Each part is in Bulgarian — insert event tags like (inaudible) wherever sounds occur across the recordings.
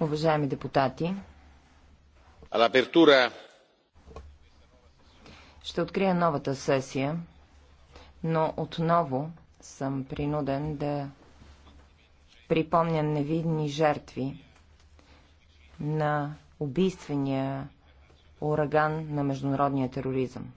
Уважаеми депутати, ще открия новата сесия, но отново съм принуден да припомня невидни жертви на убийствения ураган на международния тероризъм.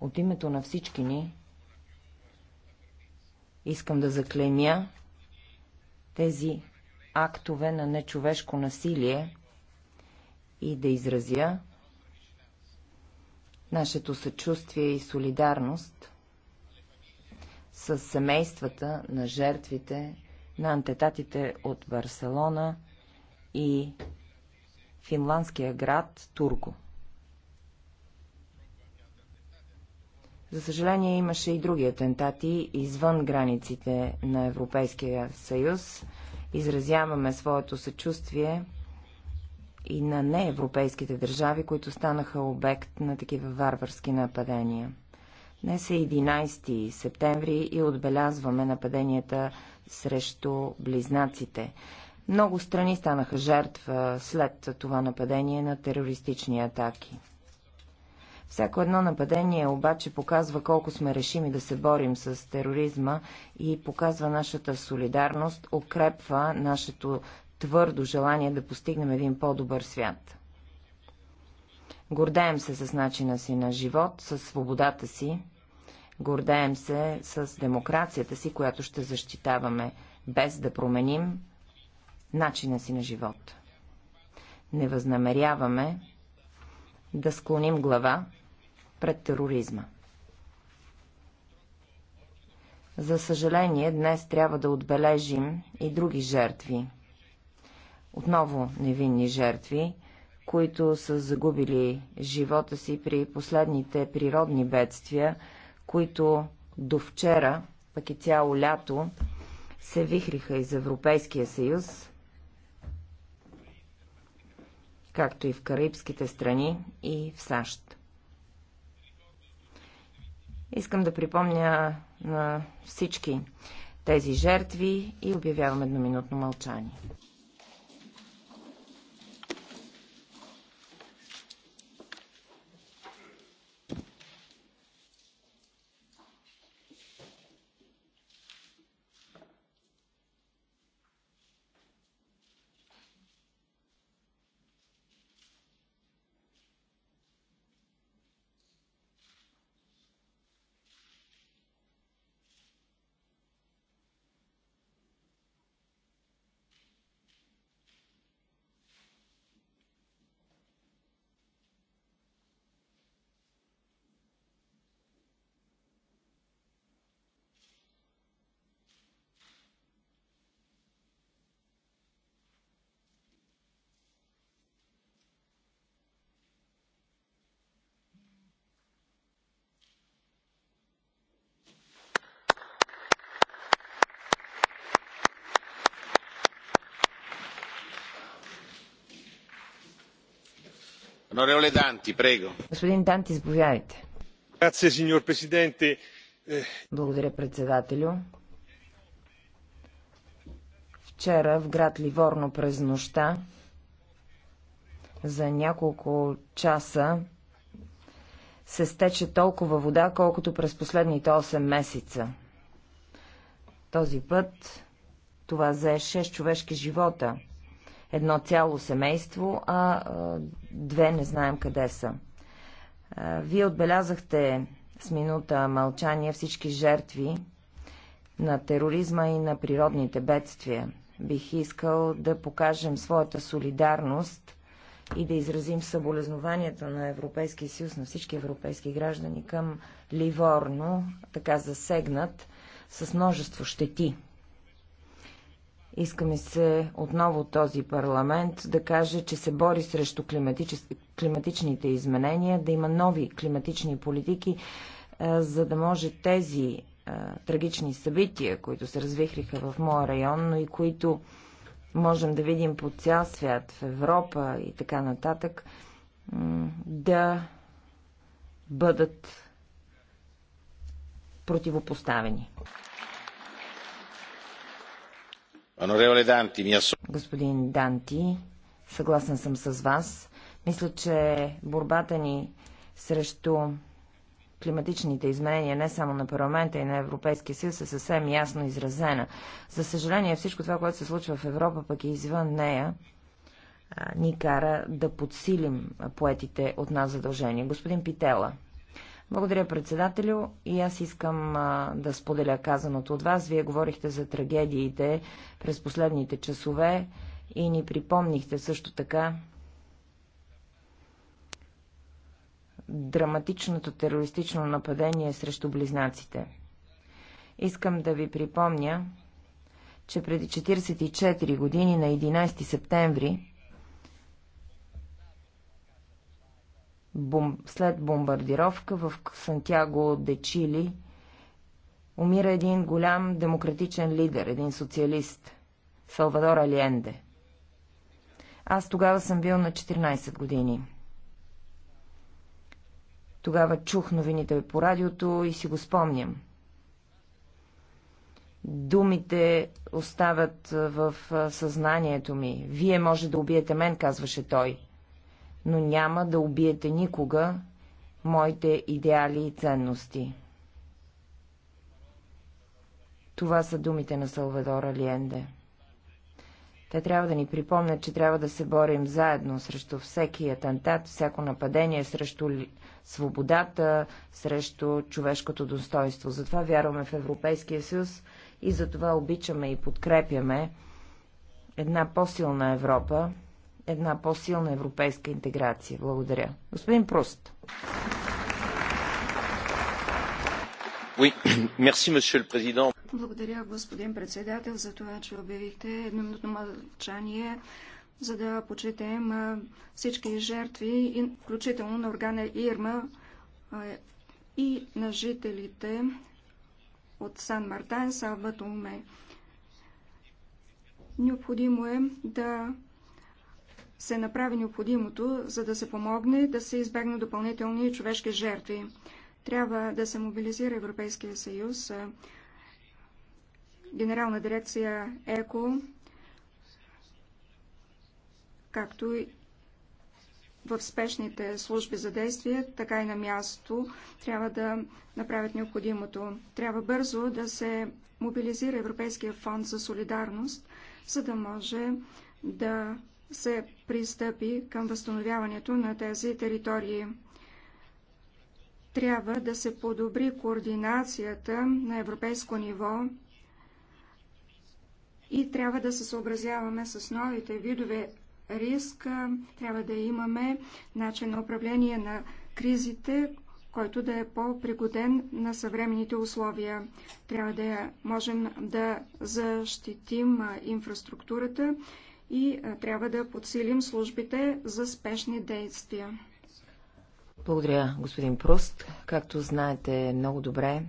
От името на всички ни Искам да заклемя тези актове на нечовешко насилие и да изразя нашето съчувствие и солидарност с семействата на жертвите на антетатите от Барселона и финландския град Турго. За съжаление имаше и други атентати извън границите на Европейския съюз. Изразяваме своето съчувствие и на неевропейските държави, които станаха обект на такива варварски нападения. Днес е 11 септември и отбелязваме нападенията срещу близнаците. Много страни станаха жертва след това нападение на терористични атаки. Всяко едно нападение обаче показва колко сме решими да се борим с тероризма и показва нашата солидарност, укрепва нашето твърдо желание да постигнем един по-добър свят. Гордеем се с начина си на живот, с свободата си, гордеем се с демокрацията си, която ще защитаваме, без да променим начина си на живот. Не възнамеряваме да склоним глава пред тероризма. За съжаление, днес трябва да отбележим и други жертви. Отново невинни жертви, които са загубили живота си при последните природни бедствия, които до вчера, пък и цяло лято, се вихриха из Европейския съюз, както и в Карибските страни и в САЩ. Искам да припомня на всички тези жертви и обявявам едноминутно мълчание. Господин Данти, заповядайте. Eh, Благодаря, председателю. Вчера в град Ливорно през нощта за няколко часа се стече толкова вода, колкото през последните 8 месеца. Този път това зае 6 човешки живота – едно цяло семейство, а две не знаем къде са. Вие отбелязахте с минута мълчание всички жертви на тероризма и на природните бедствия. Бих искал да покажем своята солидарност и да изразим съболезнованията на Европейския съюз, на всички европейски граждани към Ливорно, така засегнат с множество щети. Искаме се отново този парламент да каже, че се бори срещу климатичните изменения, да има нови климатични политики, за да може тези трагични събития, които се развихриха в моя район, но и които можем да видим по цял свят, в Европа и така нататък, да бъдат противопоставени. Господин Данти, съгласен съм с вас. Мисля, че борбата ни срещу климатичните изменения не само на парламента и на Европейския съюз е съвсем ясно изразена. За съжаление, всичко това, което се случва в Европа, пък и извън нея, ни кара да подсилим поетите от нас задължения. Господин Питела. Благодаря, председателю. И аз искам а, да споделя казаното от вас. Вие говорихте за трагедиите през последните часове и ни припомнихте също така драматичното терористично нападение срещу близнаците. Искам да ви припомня, че преди 44 години на 11 септември бом... след бомбардировка в Сантьяго де Чили умира един голям демократичен лидер, един социалист, Салвадор Алиенде. Аз тогава съм бил на 14 години. Тогава чух новините по радиото и си го спомням. Думите остават в съзнанието ми. Вие може да убиете мен, казваше той но няма да убиете никога моите идеали и ценности. Това са думите на Салвадор Алиенде. Те трябва да ни припомнят, че трябва да се борим заедно срещу всеки атентат, всяко нападение, срещу свободата, срещу човешкото достоинство. Затова вярваме в Европейския съюз и затова обичаме и подкрепяме една по-силна Европа, една по-силна европейска интеграция. Благодаря. Господин Пруст. (coughs) Благодаря, господин председател, за това, че обявихте минутно мълчание, за да почетем всички жертви, включително на органа Ирма и на жителите от Сан Мартан, Салбатуме. Необходимо е да се направи необходимото, за да се помогне да се избегне допълнителни човешки жертви. Трябва да се мобилизира Европейския съюз, Генерална дирекция ЕКО, както и в спешните служби за действие, така и на място, трябва да направят необходимото. Трябва бързо да се мобилизира Европейския фонд за солидарност, за да може да се пристъпи към възстановяването на тези територии. Трябва да се подобри координацията на европейско ниво и трябва да се съобразяваме с новите видове риск. Трябва да имаме начин на управление на кризите, който да е по-пригоден на съвременните условия. Трябва да можем да защитим инфраструктурата и трябва да подсилим службите за спешни действия. Благодаря, господин Пруст. Както знаете много добре,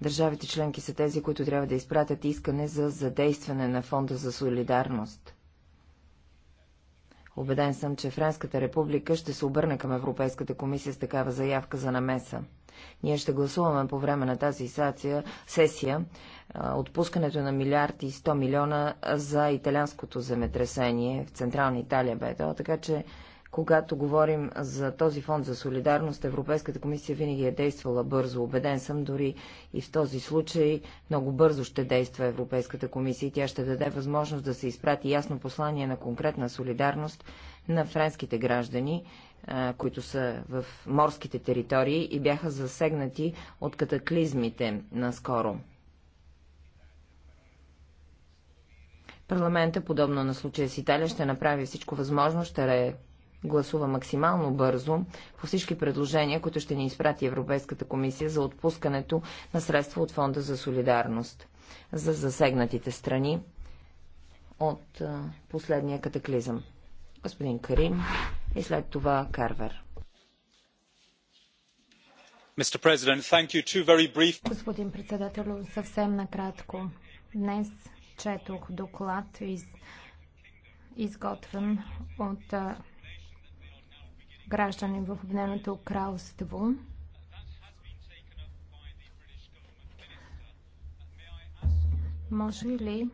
държавите членки са тези, които трябва да изпратят искане за задействане на Фонда за солидарност. Обеден съм, че Френската република ще се обърне към Европейската комисия с такава заявка за намеса. Ние ще гласуваме по време на тази сесия, сесия отпускането на милиард и 100 милиона за италианското земетресение в Централна Италия БТО. така че когато говорим за този фонд за солидарност, Европейската комисия винаги е действала бързо. Обеден съм дори и в този случай много бързо ще действа Европейската комисия и тя ще даде възможност да се изпрати ясно послание на конкретна солидарност на френските граждани които са в морските територии и бяха засегнати от катаклизмите наскоро. Парламента, подобно на случая с Италия, ще направи всичко възможно, ще гласува максимално бързо по всички предложения, които ще ни изпрати Европейската комисия за отпускането на средства от Фонда за солидарност за засегнатите страни от последния катаклизъм. Господин Карим и след това Карвер. Господин председател, съвсем накратко. Днес четох доклад изготвен от граждани в Обединеното кралство. Може ли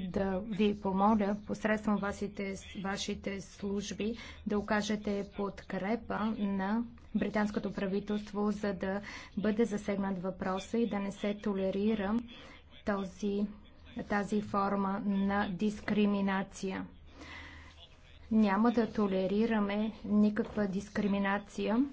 да ви помоля посредством вашите, вашите служби да окажете подкрепа на британското правителство, за да бъде засегнат въпроса и да не се толерира този, тази форма на дискриминация. Няма да толерираме никаква дискриминация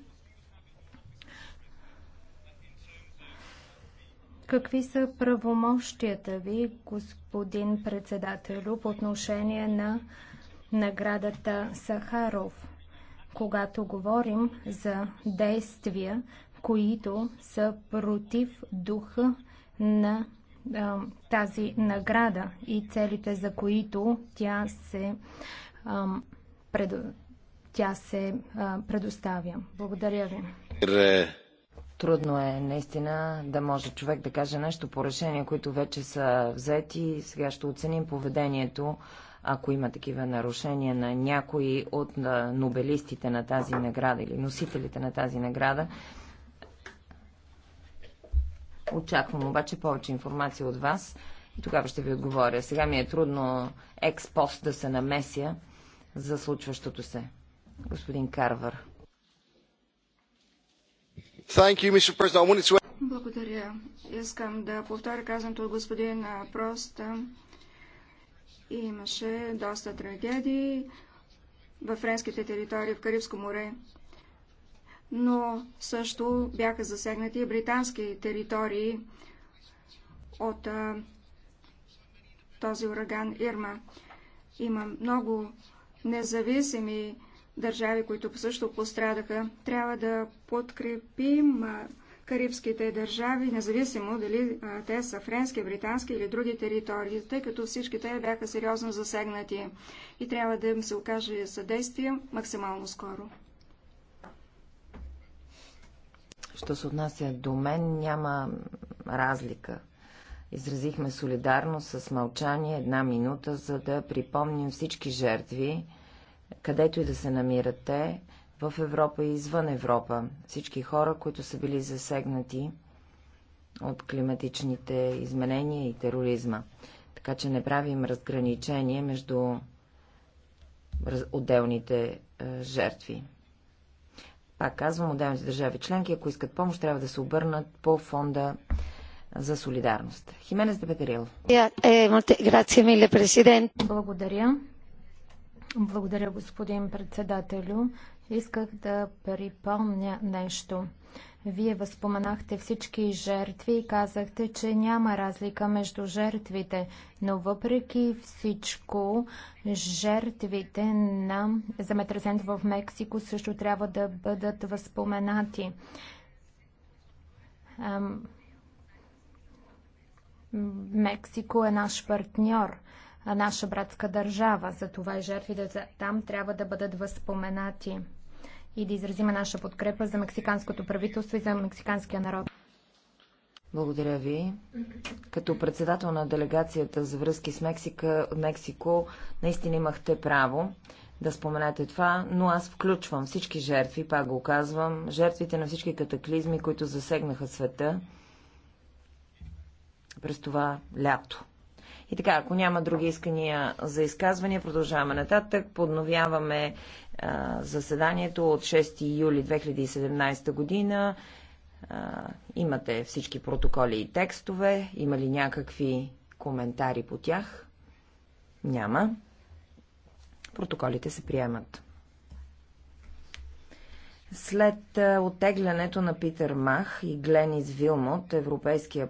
Какви са правомощията ви, господин председателю, по отношение на наградата Сахаров, когато говорим за действия, които са против духа на а, тази награда и целите, за които тя се, а, пред, тя се а, предоставя. Благодаря ви. Трудно е наистина да може човек да каже нещо по решения, които вече са взети. Сега ще оценим поведението, ако има такива нарушения на някои от нобелистите на тази награда или носителите на тази награда. Очаквам обаче повече информация от вас и тогава ще ви отговоря. Сега ми е трудно експост да се намеся за случващото се. Господин Карвар. Благодаря. Искам да повторя казаното от господин Прост. Имаше доста трагедии в френските територии в Карибско море, но също бяха засегнати и британски територии от а, този ураган Ирма. Има много независими държави, които също пострадаха. Трябва да подкрепим карибските държави, независимо дали те са френски, британски или други територии, тъй като всички те бяха сериозно засегнати и трябва да им се окаже съдействие максимално скоро. Що се отнася до мен, няма разлика. Изразихме солидарност с мълчание една минута, за да припомним всички жертви, където и да се намирате, в Европа и извън Европа. Всички хора, които са били засегнати от климатичните изменения и тероризма. Така че не правим разграничение между отделните е, жертви. Пак казвам, отделните държави членки, ако искат помощ, трябва да се обърнат по фонда за солидарност. Хименес Дебетерил. Е, е, Благодаря. Благодаря, господин председателю. Исках да припомня нещо. Вие възпоменахте всички жертви и казахте, че няма разлика между жертвите, но въпреки всичко, жертвите на земетресението в Мексико също трябва да бъдат възпоменати. Мексико е наш партньор наша братска държава. За това и жертвите там трябва да бъдат възпоменати и да изразиме наша подкрепа за мексиканското правителство и за мексиканския народ. Благодаря ви. Като председател на делегацията за връзки с Мексика, Мексико, наистина имахте право да споменете това, но аз включвам всички жертви, пак го казвам, жертвите на всички катаклизми, които засегнаха света през това лято. И така, ако няма други искания за изказвания, продължаваме нататък. Подновяваме а, заседанието от 6 юли 2017 година. А, имате всички протоколи и текстове. Има ли някакви коментари по тях? Няма. Протоколите се приемат. След оттеглянето на Питър Мах и Гленис Вилмот, Европейския